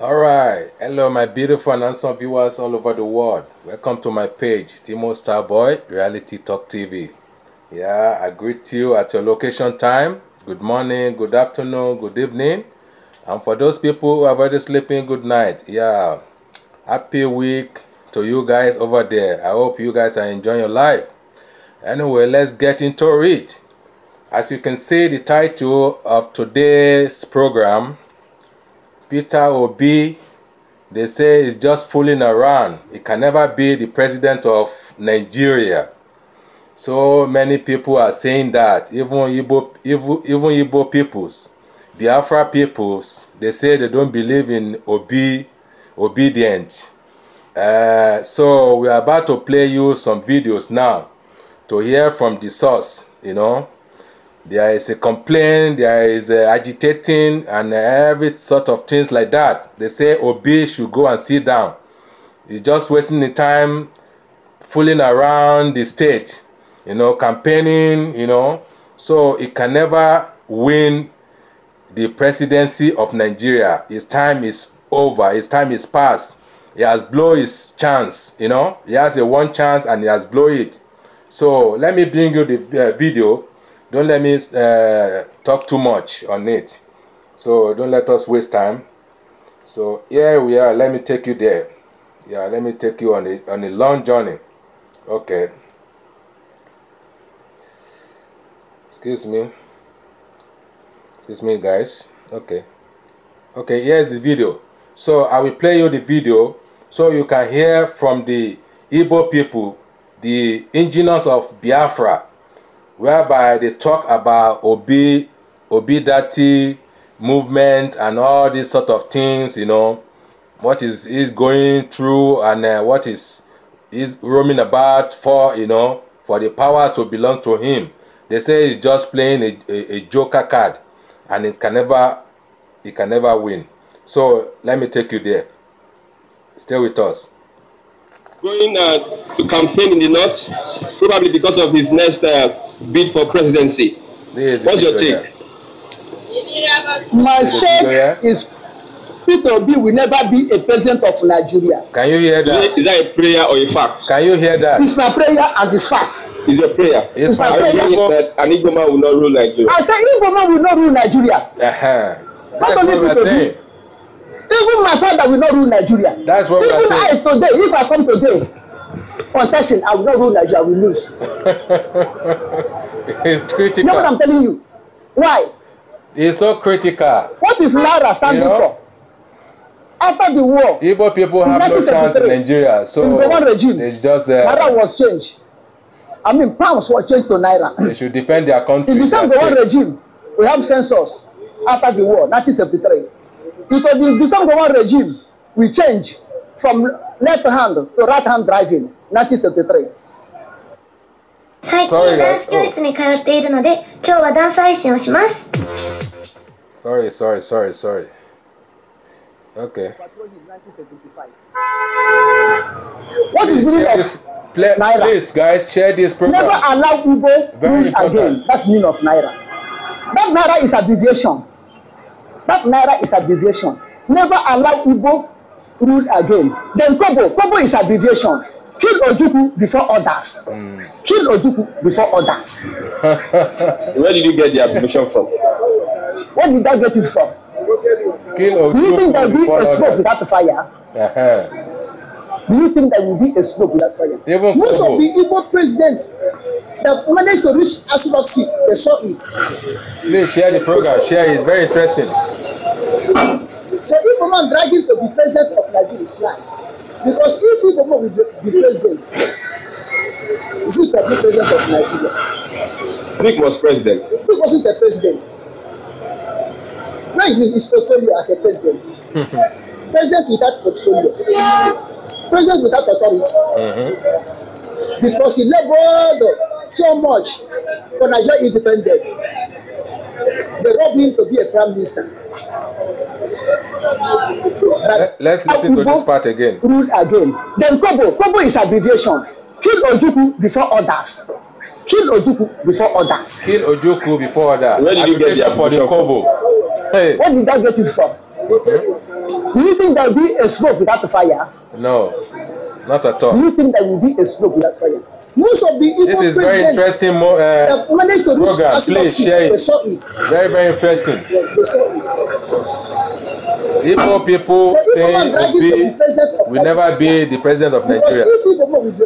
All right, hello my beautiful and handsome viewers all over the world. Welcome to my page, Timo Starboy Reality Talk TV. Yeah, I greet you at your location time. Good morning, good afternoon, good evening. And for those people who are already sleeping, good night. Yeah, happy week to you guys over there. I hope you guys are enjoying your life. Anyway, let's get into it. As you can see, the title of today's program Peter Obi, they say, is just fooling around. He can never be the president of Nigeria. So many people are saying that, even Igbo, even, even Igbo peoples, Biafra peoples, they say they don't believe in Obi, obedient. Uh, so we are about to play you some videos now to hear from the source, you know. there is a complaint, there is uh, agitating, and uh, every sort of things like that. They say Obi should go and sit down. He's just wasting the time fooling around the state, you know, campaigning, you know. So he can never win the presidency of Nigeria. His time is over. His time is past. He has blown his chance, you know. He has a one chance and he has blown it. So let me bring you the uh, video don't let me uh, talk too much on it so don't let us waste time so here we are let me take you there yeah let me take you on a on a long journey okay excuse me excuse me guys okay okay here's the video so i will play you the video so you can hear from the Igbo people the indigenous of biafra whereby they talk about Obi, Obi Dati movement and all these sort of things, you know, what is is going through and uh, what is is roaming about for, you know, for the powers who belongs to him. They say he's just playing a, a, a joker card and it can never it can never win. So let me take you there. Stay with us. Going uh, to campaign in the north, probably because of his next uh, bid for presidency. What's your take? My stake is Peter Obi will never be a president of Nigeria. Can you hear that? Is that a prayer or a fact? Can you hear that? It's my prayer and it's fact. It's a prayer. It's, it's my, my prayer. That an Igbo man will not rule Nigeria. I say Igbo man will not rule Nigeria. Uh-huh. Not only Peter Obi. Even my father will not rule Nigeria. That's what Even I today, if I come today, contesting, I will not rule Nigeria, I will lose. it's critical. You know what I'm telling you? Why? It's so critical. What is Naira standing you know? for? After the war, Igbo people have no chance in Nigeria. So in the one regime, it's just, uh, Naira was changed. I mean, pounds were changed to Naira. They should defend their country. In the same one regime, we have census after the war, 1973. It was in the same one regime, we change from left hand to right hand driving. 1973. 最近ダンス教室に通っているので、今日はダンス配信をします。Sorry, sorry, sorry, sorry. Okay. What is meaningless? Play, Naira. Please, guys, share this program. Never allow Igbo rule again. That's meaning of Naira. That Naira is abbreviation. That Naira is abbreviation. Never allow Igbo rule again. Then Kobo. Kobo is abbreviation kill Ojukwu before others. Kill Ojukwu before others. Where did you get the ammunition from? Where did I get it from? Kill Ojukwu Do you think there will be a smoke without fire? Uh-huh. Do you think there will be a smoke without fire? Even Most of the Igbo presidents that managed to reach Asurok seat, they saw it. Please share the program. Share it's very interesting. So if Igbo man dragging to be president of Nigeria is lying because if Igbomo be the president Zik can the president of Nigeria. Zik was president. Zik wasn't a president. Where is his portfolio as a president? president without portfolio. President without authority. Mm-hmm. Because he labored so much for Nigeria independence they rob him to be a prime minister. But Let's listen to this part again. Rule again. Then Kobo. Kobo is abbreviation. Kill Ojuku before others. Kill Ojuku before others. Kill Ojuku before others. Where did you get the for the Kobo? Hey. What did that get you from? Okay. Do you think there will be a smoke without fire? No, not at all. Do you think there will be a smoke without fire? most of the Igbo this is very interesting mo uh, managed to reach program please share it. it very very interesting yeah, they saw it. Igbo people so say Obi will never be the president of Nigeria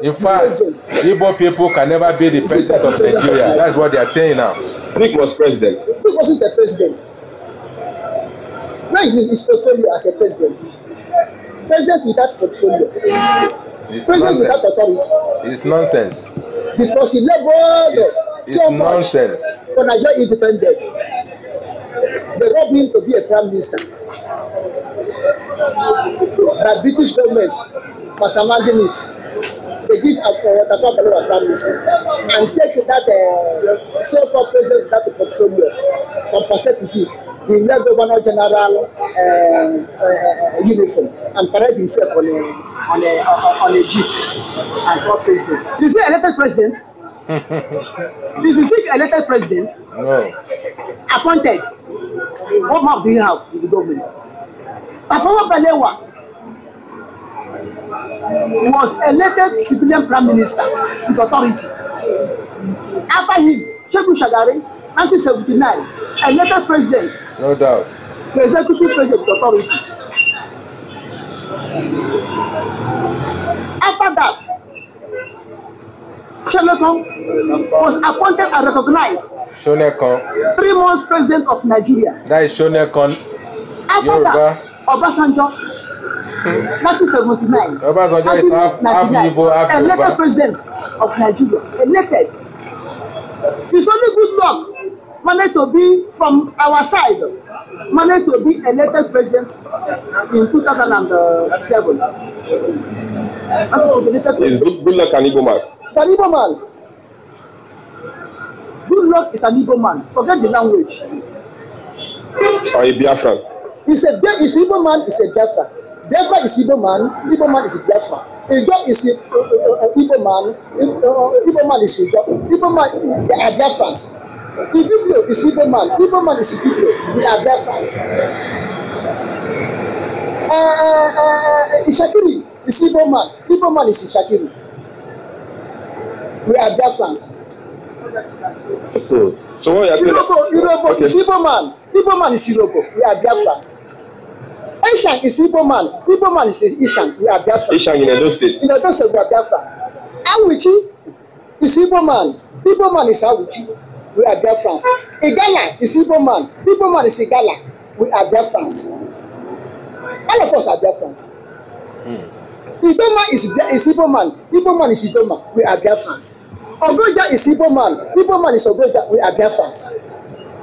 in fact Igbo people can never be the president of Nigeria that's what they are saying now. Zik was president. Zik wasn't the president. Where is his portfolio as a president? President without portfolio. It's nonsense. without authority. It's nonsense. Because he labored it's, it's so nonsense. much for Nigeria independence. They robbed him to be a prime minister. But British government must masterminding it. They give Akpawatata Bello a prime minister and take that uh, so-called president without a portfolio, compensate him the new governor general uh, uh, uniform and parade himself on a on a on a jeep and call president. You see elected president? This is if elected president. No. Appointed. What map do you have with the government? Tafawa Balewa was elected civilian prime minister with authority. After him, Shegun Shagari, 1979 elected president. no doubt. to executive president with authority. after that Senekan was appointed and recognized. Senekan. three months president of Nigeria. that is Senekan Yoruba. after that Obasanjo. 1979. Hmm. Obasanjo is half half Igbo half Yoruba. elected president of Nigeria elected. it's only good luck managed to be from our side, managed to be elected president in two thousand and 2007. Is good, luck an Igbo man? It's an Igbo man. Good luck is an Igbo man. Forget the language. Or a Biafran? He's a he's Igbo man, he's a Biafra. Biafra is Igbo man, Igbo man is a Biafra. Ijo is a uh, Igbo man, Igbo man is Ijo. Igbo man, they are Biafrans. Ibibio is Igbo man. Igbo man is Ibibio. We are friends. Uh, uh, uh, Ishakiri is Igbo man. Igbo man is Ishakiri. We are Belfast. Hmm. So what you are saying? Irobo, Irobo okay. is Igbo man. Igbo man is Irobo. We are friends. Ishan is Igbo man. Igbo man is Ishan. We are friends. Ishan in Edo State. In Edo State, we are friends. Awuchi is Igbo man. Igbo man is Awuchi we are Biafrans. Igala hmm. is Igbo man. Igbo man is Igala. We are Biafrans. All of us are Biafrans. Hmm. Idoma is, is Igbo man. Igbo man is Idoma. We are Biafrans. Ogoja is Igbo man. Igbo man is Ogoja. We are Biafrans.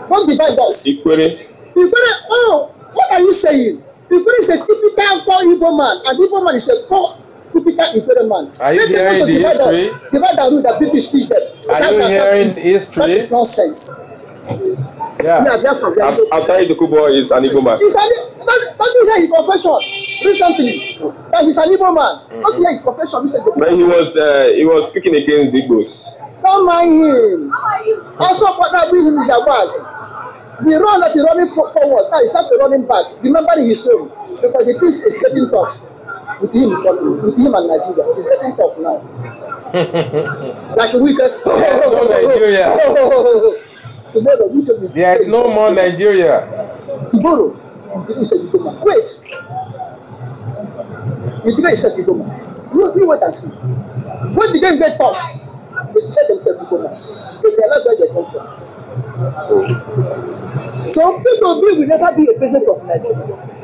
Don't divide us. Ikwere. Ikwere, oh, what are you saying? Ikwere is a typical core Igbo man, and Igbo man is a core typical environment. Are you Let hearing the divide history? Us, divide us with the British teach them. Are you hearing history? That is nonsense. Yeah. yeah, yeah from As, Asai Dokubo is an Igbo man. He's an, don't, don't you hear his confession recently? That he's an Igbo man. Mm-hmm. Don't you hear his confession recently? But he was uh, he was speaking against the Igbos. Don't mind him. Also, partner with him is the worst the run that he running forward now he not to running back Remember his own because the things is getting tough with him with him and Nigeria. he's getting tough now. like we said, there's no Nigeria. Tomorrow we should be. There is no more Nigeria. Tomorrow we should be Wait. we is set to You see what I see. When the game gets tough, they tell themselves to Goma. They realize where they come from. So p 2 will never be a president of Nigeria.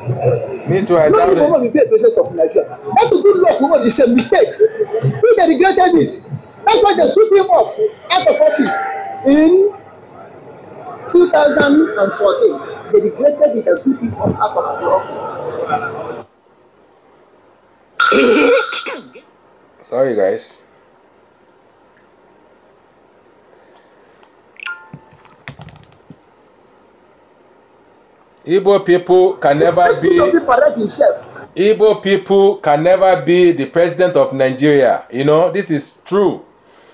Me too, I doubt it. No woman will be a president of Nigeria. Not to good luck woman the same mistake. He they regretted it. That's why they sweep him off out of office in 2014. They regretted it and sweep him off out of the office. Sorry, guys. Igbo people can never be. Igbo people can never be the president of Nigeria. You know, this is true.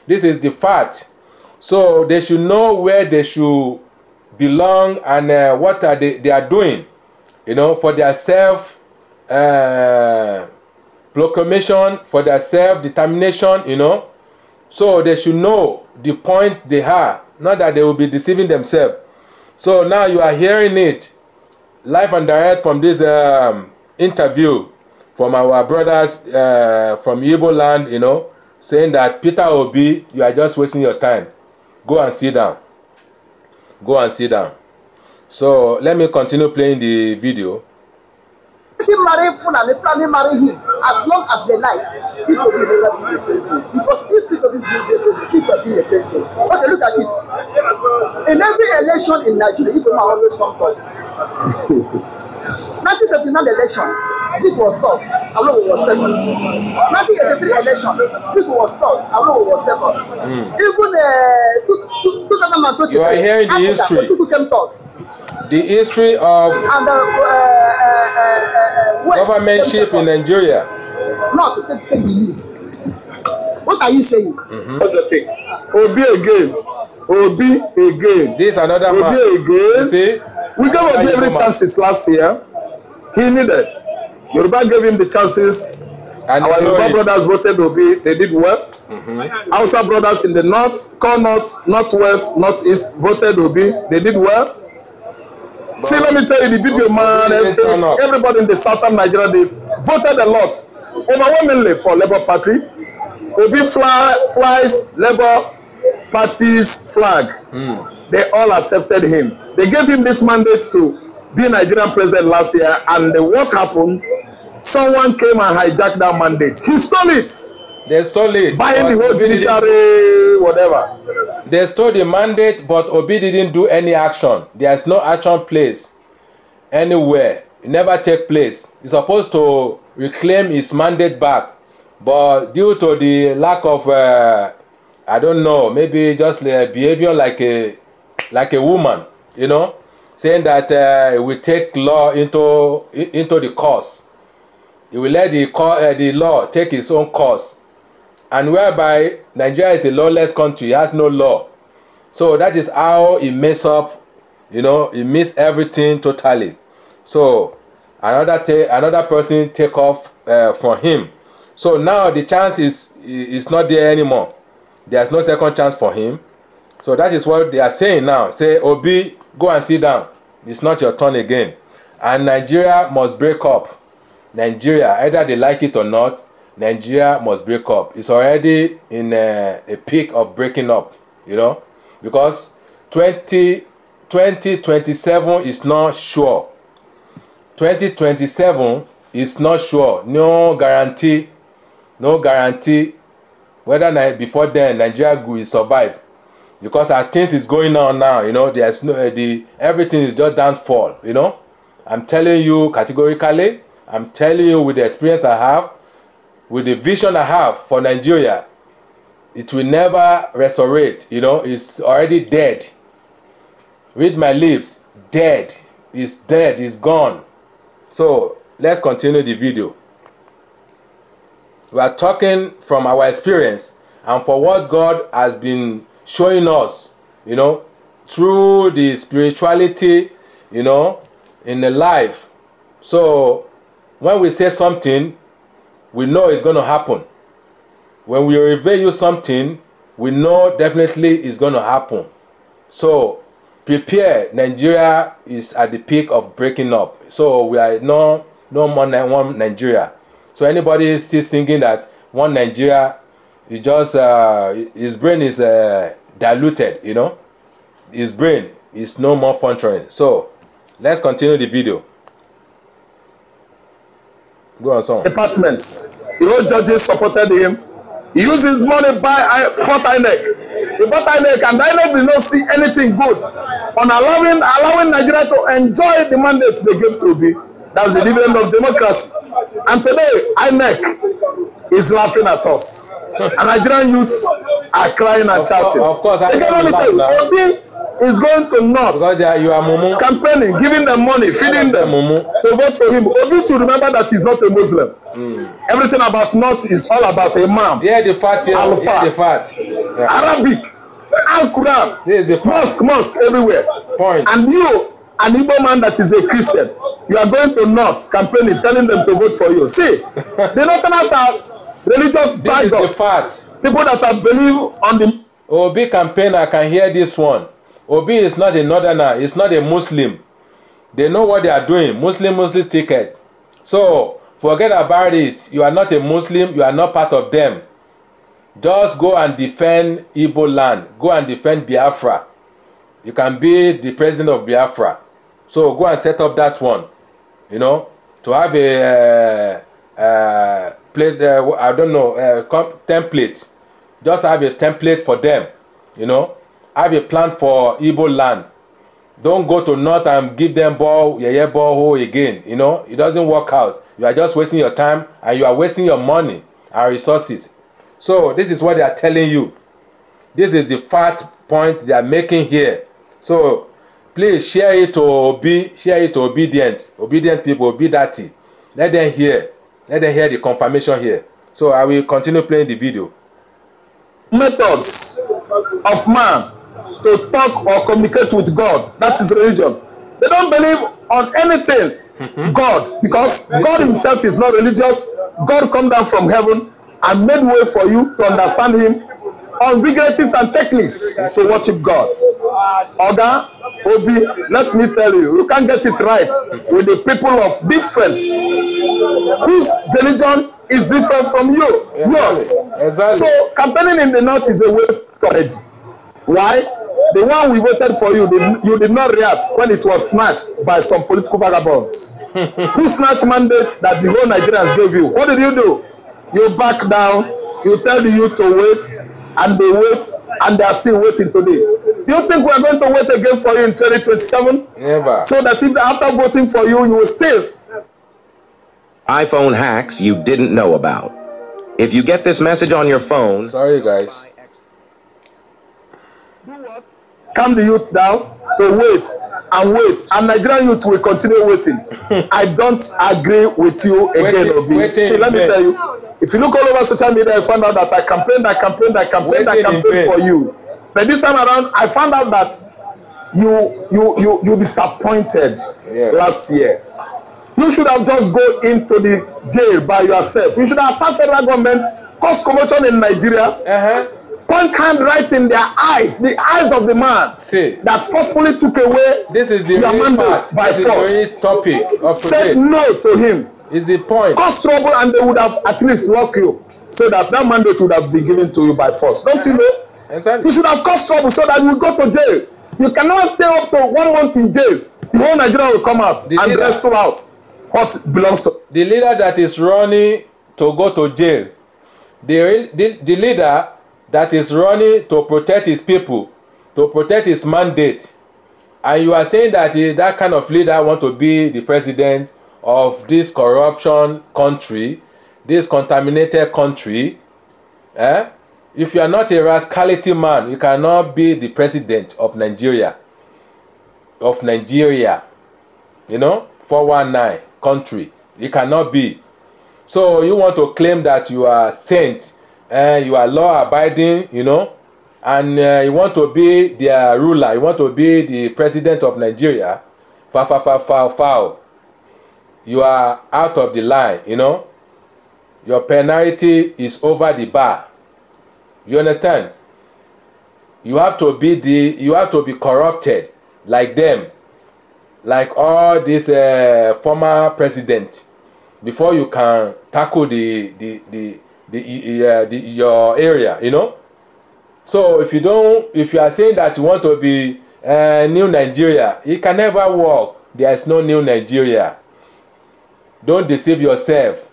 This is the fact. So they should know where they should belong and uh, what are they, they are doing. You know, for their self uh, proclamation, for their self determination. You know, so they should know the point they have. Not that they will be deceiving themselves. So now you are hearing it live and direct from this um, interview from our brothers uh, from Igbo land, you know, saying that Peter Obi, you are just wasting your time. Go and sit down. Go and sit down. So let me continue playing the video. Him marry Funa, me Funa marry him. As long as they like, Peter Obi will never be the president. Because if Peter Obi be the president, Okay, look at it. In every election in Nigeria, Igbo man always come forward. 1979 election Atiku was third Alowo was second 1983 election Atiku was third Alowo was second mm. even uh, 2020 you are hearing the history Atiku came third the history of and, uh, uh, uh, uh, governmentship in Nigeria not to take, take the lead what are you saying mm-hmm. Obi again Obi again this another Obi man again. you see We gave every chances last year. He needed. Yoruba gave him the chances. And Our Yoruba brothers voted Obi. They did well. Mm-hmm. brothers in the north, core north, northwest, northeast voted Obi. They did well. But See, let me tell you, the video man, everybody in the southern Nigeria, they voted a lot, overwhelmingly for Labour Party. Obi fly, flies Labour Party's flag. Mm. They all accepted him. They gave him this mandate to be Nigerian president last year, and what happened? Someone came and hijacked that mandate. He stole it. They stole it. Buying the whole judiciary, whatever. They stole the mandate, but Obi didn't do any action. There's no action place anywhere. It never take place. He's supposed to reclaim his mandate back, but due to the lack of, uh, I don't know, maybe just uh, behavior like a like a woman, you know, saying that uh, we take law into, into the course. he will let the, uh, the law take its own course. And whereby Nigeria is a lawless country, it has no law. So that is how it mess up, you know, it misses everything totally. So another, ta- another person take off uh, from him. So now the chance is, is not there anymore. There is no second chance for him. So that is what they are saying now. Say, Obi, go and sit down. It's not your turn again. And Nigeria must break up. Nigeria, either they like it or not, Nigeria must break up. It's already in a, uh, a peak of breaking up, you know, because 20, 2027 is not sure. 2027 is not sure. No guarantee. No guarantee whether before then Nigeria will survive. because as things is going on now you know there's no uh, the everything is just downfall you know i'm telling you categorically i'm telling you with the experience i have with the vision i have for nigeria it will never resurrect you know it's already dead read my lips dead it's dead it's gone so let's continue the video we are talking from our experience and for what god has been showing us, you know, through the spirituality, you know, in the life. So when we say something, we know it's going to happen. When we reveal you something, we know definitely it's going to happen. So prepare. Nigeria is at the peak of breaking up. So we are no no more than one Nigeria. So anybody still thinking that one Nigeria he just uh, his brain is uh, diluted you know his brain is no more functioning so let's continue the video go on some departments you know judges supported him he used his money buy bought INEC he and I did not see anything good on allowing allowing Nigeria to enjoy the mandate they gave to be. that's the dividend of democracy and today I make is laughing at us and Nigerian youths are crying and of shouting. Of course, I can't laugh. tell Obi is going to not campaigning, giving them money, feeding them mumu. to vote for him. Obi should remember that he's not a Muslim. Mm. Everything about North is all about Imam. Yeah, the fat, yeah, Alpha, yeah, the fat. Yeah. Arabic, Al-Quran, yeah, mosque, mosque everywhere. Point. And you, an Igbo man that is a Christian, you are going to North campaigning, telling them to vote for you. See, the Northerners are religious this This is the fact. People that are believe on the. Obi campaigner can hear this one. Obi is not a northerner. He's not a Muslim. They know what they are doing. Muslim Muslim ticket. So forget about it. You are not a Muslim. You are not part of them. Just go and defend Igbo land. Go and defend Biafra. You can be the president of Biafra. So go and set up that one. You know, to have a. Uh, uh, plate uh, i don't know uh, template just have a template for them you know have a plan for Ibo land don't go to north and give them ball yeye hole again you know it doesn't work out you are just wasting your time and you are wasting your money and resources so this is what they are telling you this is the fat point they are making here so please share it to obi share it to obedient obedient people obedati let them hear let them hear the confirmation here so i will continue playing the video. methods of man to talk or communicate with god that is religion they don't believe on anything mm-hmm. god because god himself is not religious god come down from heaven and made way for you to understand him on regrets and techniques to worship God. Oga, Obi, let me tell you, you can't get it right with the people of different whose religion is different from you. Exactly. Yours. Exactly. So campaigning in the north is a waste strategy. Why? The one we voted for you, you did not react when it was snatched by some political vagabonds. Who snatched mandate that the whole Nigerians gave you? What did you do? You back down, you tell the youth to wait, and they wait and they are still waiting today. Do you think we are going to wait again for you in 2027? Never. So that if after voting for you, you will stay. iPhone hacks you didn't know about. If you get this message on your phone, sorry guys. Calm the youth down to wait and wait, and Nigerian youth will continue waiting. I don't agree with you again, waiting, Obi. so let me tell you. If you look all over social media, you find out that I campaigned, I campaigned, I campaigned, I campaigned for you. But this time around, I found out that you you you you disappointed yeah. last year. You should have just go into the jail by yourself. You should have attacked federal government, cause commotion in Nigeria. Uh-huh. Point hand right in their eyes, the eyes of the man See, that forcefully took away this is the your mandate by this force. Is the topic of today. Said no to him is the point. cause trouble and they would have at least lock you so that that mandate would have been given to you by force don't you know. Exactly. you should have caused trouble so that you go to jail you cannot stay up to one month in jail the whole nigeria will come out the and leader, rest you out what belongs to. the leader that is running to go to jail the, the, the leader that is running to protect his people to protect his mandate and you are saying that he, that kind of leader want to be the president of this corruption country, this contaminated country, eh? if you are not a rascality man, you cannot be the president of Nigeria. Of Nigeria, you know, 419 country. You cannot be. So you want to claim that you are saint and you are law abiding, you know, and uh, you want to be their ruler, you want to be the president of Nigeria. Fa fa fa fa foul. you are out of the line you know your penalty is over the bar you understand you have to be the you have to be corrupted like them like all these uh, former president before you can tackle the the the the, uh, the your area you know so if you don't if you are saying that you want to be uh, new nigeria it can never work there is no new nigeria don't deceive yourself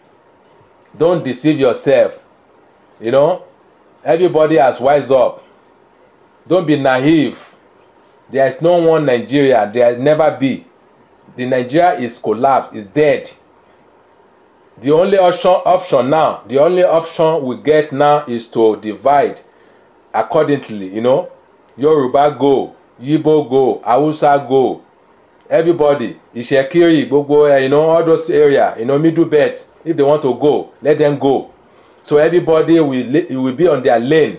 don't deceive yourself you know everybody has wise up don't be naive there is no one nigeria there has never be the nigeria is collapse is dead the only option option now the only option we get now is to divide accordingly you know yoruba go yibo go hausa go everybody Ìṣẹ̀kírì gbogbo uh, you know, all those area you know, middle belt if they want to go let them go so everybody will, will be on their lane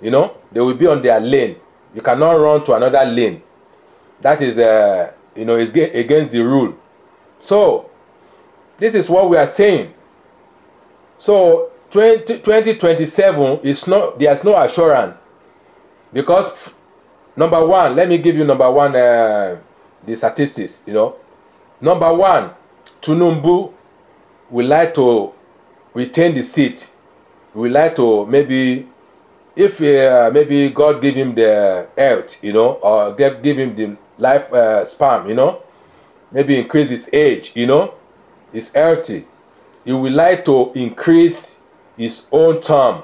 you know they will be on their lane you cannot run to another lane that is uh, you know is against the rule so this is what we are saying so 20, 2027 is not there is no assurance because number one let me give you number one uh, the statistics, you know. Number one, Tunumbu would like to retain the seat. We like to maybe, if uh, maybe God give him the health, you know, or give, give him the life uh, span, you know, maybe increase his age, you know, he's healthy. He would like to increase his own term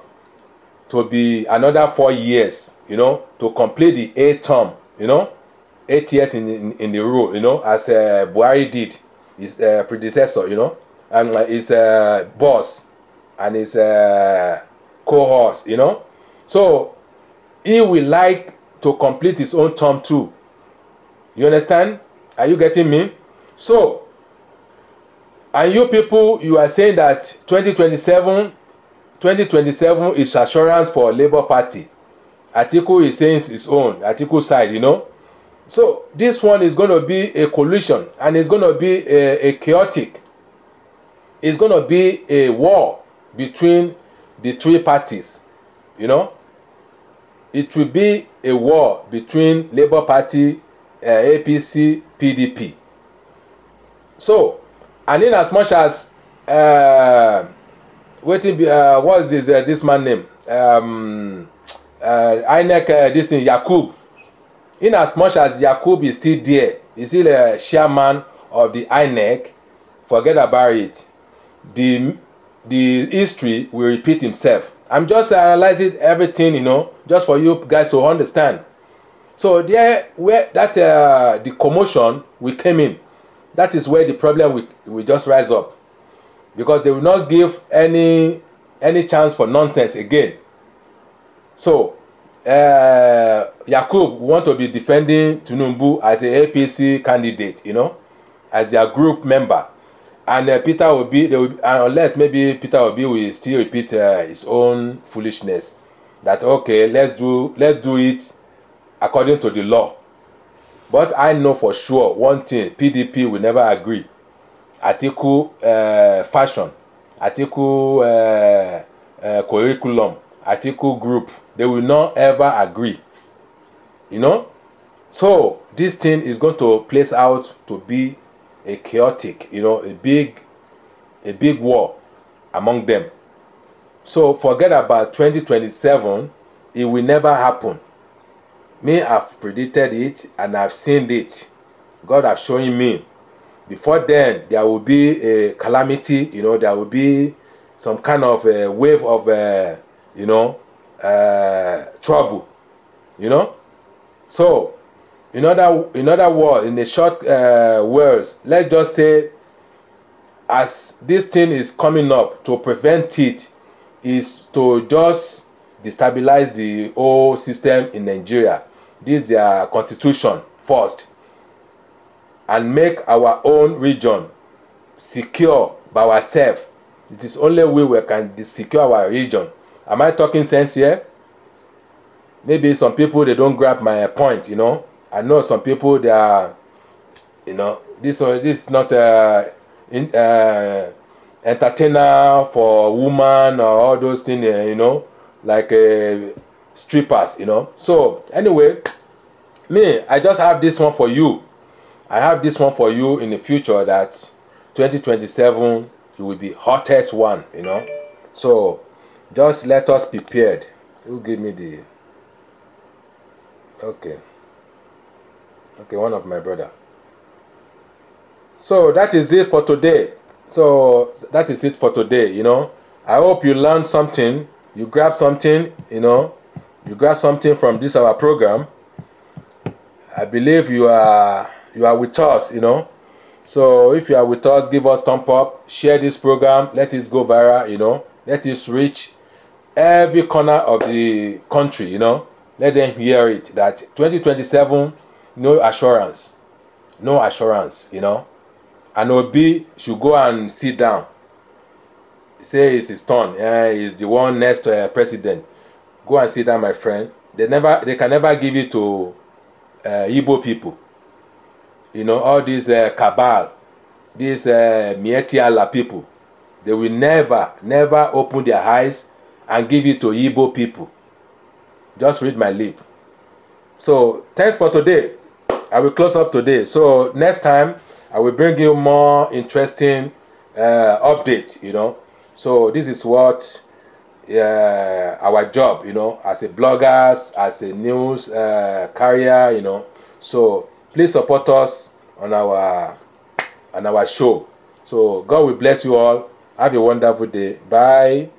to be another four years, you know, to complete the eight term, you know eight years in, in, in the rule, you know, as uh, Buhari did, his uh, predecessor, you know, and uh, his uh, boss and his uh, cohorts, you know. So he will like to complete his own term too. You understand? Are you getting me? So, and you people, you are saying that 2027, 2027 is assurance for Labour Party. Article is saying its own, article side, you know. So this one is going to be a collision and it's going to be a, a chaotic. It's going to be a war between the three parties. You know, it will be a war between Labour Party, uh, APC, PDP. So, and in as much as uh, uh, what's this uh, this man name? Um, uh, Inek, uh, this in Yakub in as much as Jacob is still there, he's still a chairman of the INEC, forget about it. The, the history will repeat himself. I'm just analyzing everything, you know, just for you guys to understand. So there, where that uh, the commotion we came in, that is where the problem We will just rise up, because they will not give any any chance for nonsense again. So uh, eh, Yakub want to be defending Tinubu as a APC candidate, you know, as their group member. And uh, Peter Obi, they will, be, uh, unless maybe Peter Obi will still repeat uh, his own foolishness, that okay, let's do let's do it according to the law. But I know for sure one thing: PDP will never agree. Article uh, fashion, article uh, uh, curriculum, Article group. They will not ever agree. You know? So this thing is going to place out to be a chaotic, you know, a big a big war among them. So forget about 2027, it will never happen. Me, I've predicted it and I've seen it. God has shown me. Before then, there will be a calamity, you know, there will be some kind of a wave of uh, you know, uh, trouble, you know. So, in other in other words, in the short uh, words, let's just say, as this thing is coming up, to prevent it is to just destabilize the whole system in Nigeria. This is their constitution first, and make our own region secure by ourselves. It is only way we can secure our region. Am I talking sense here? Maybe some people, they don't grab my point, you know. I know some people, they are, you know, this, or uh, this is not a uh, in, uh, entertainer for woman or all those things, uh, you know, like uh, strippers, you know. So, anyway, me, I just have this one for you. I have this one for you in the future that 2027 you will be hottest one, you know. So just let us be prepared. Who give me the... Okay. Okay, one of my brother. So that is it for today. So that is it for today, you know. I hope you learned something. You grab something, you know. You grab something from this our program. I believe you are you are with us, you know. So if you are with us, give us thumb up, share this program, let it go viral, you know, let it reach every corner of the country, you know, let them hear it that 2027, no assurance, no assurance, you know. And Obi should go and sit down. Say it's his turn. Yeah, he's the one next to uh, eh, president. Go and sit down, my friend. They never, they can never give it to uh, Igbo people. You know, all these uh, cabal, these uh, Mietiala people, they will never, never open their eyes and give it to Igbo people. Just read my lip. So thanks for today. I will close up today. So next time I will bring you more interesting uh, update. You know. So this is what uh, our job. You know, as a bloggers, as a news uh, carrier. You know. So please support us on our on our show. So God will bless you all. Have a wonderful day. Bye.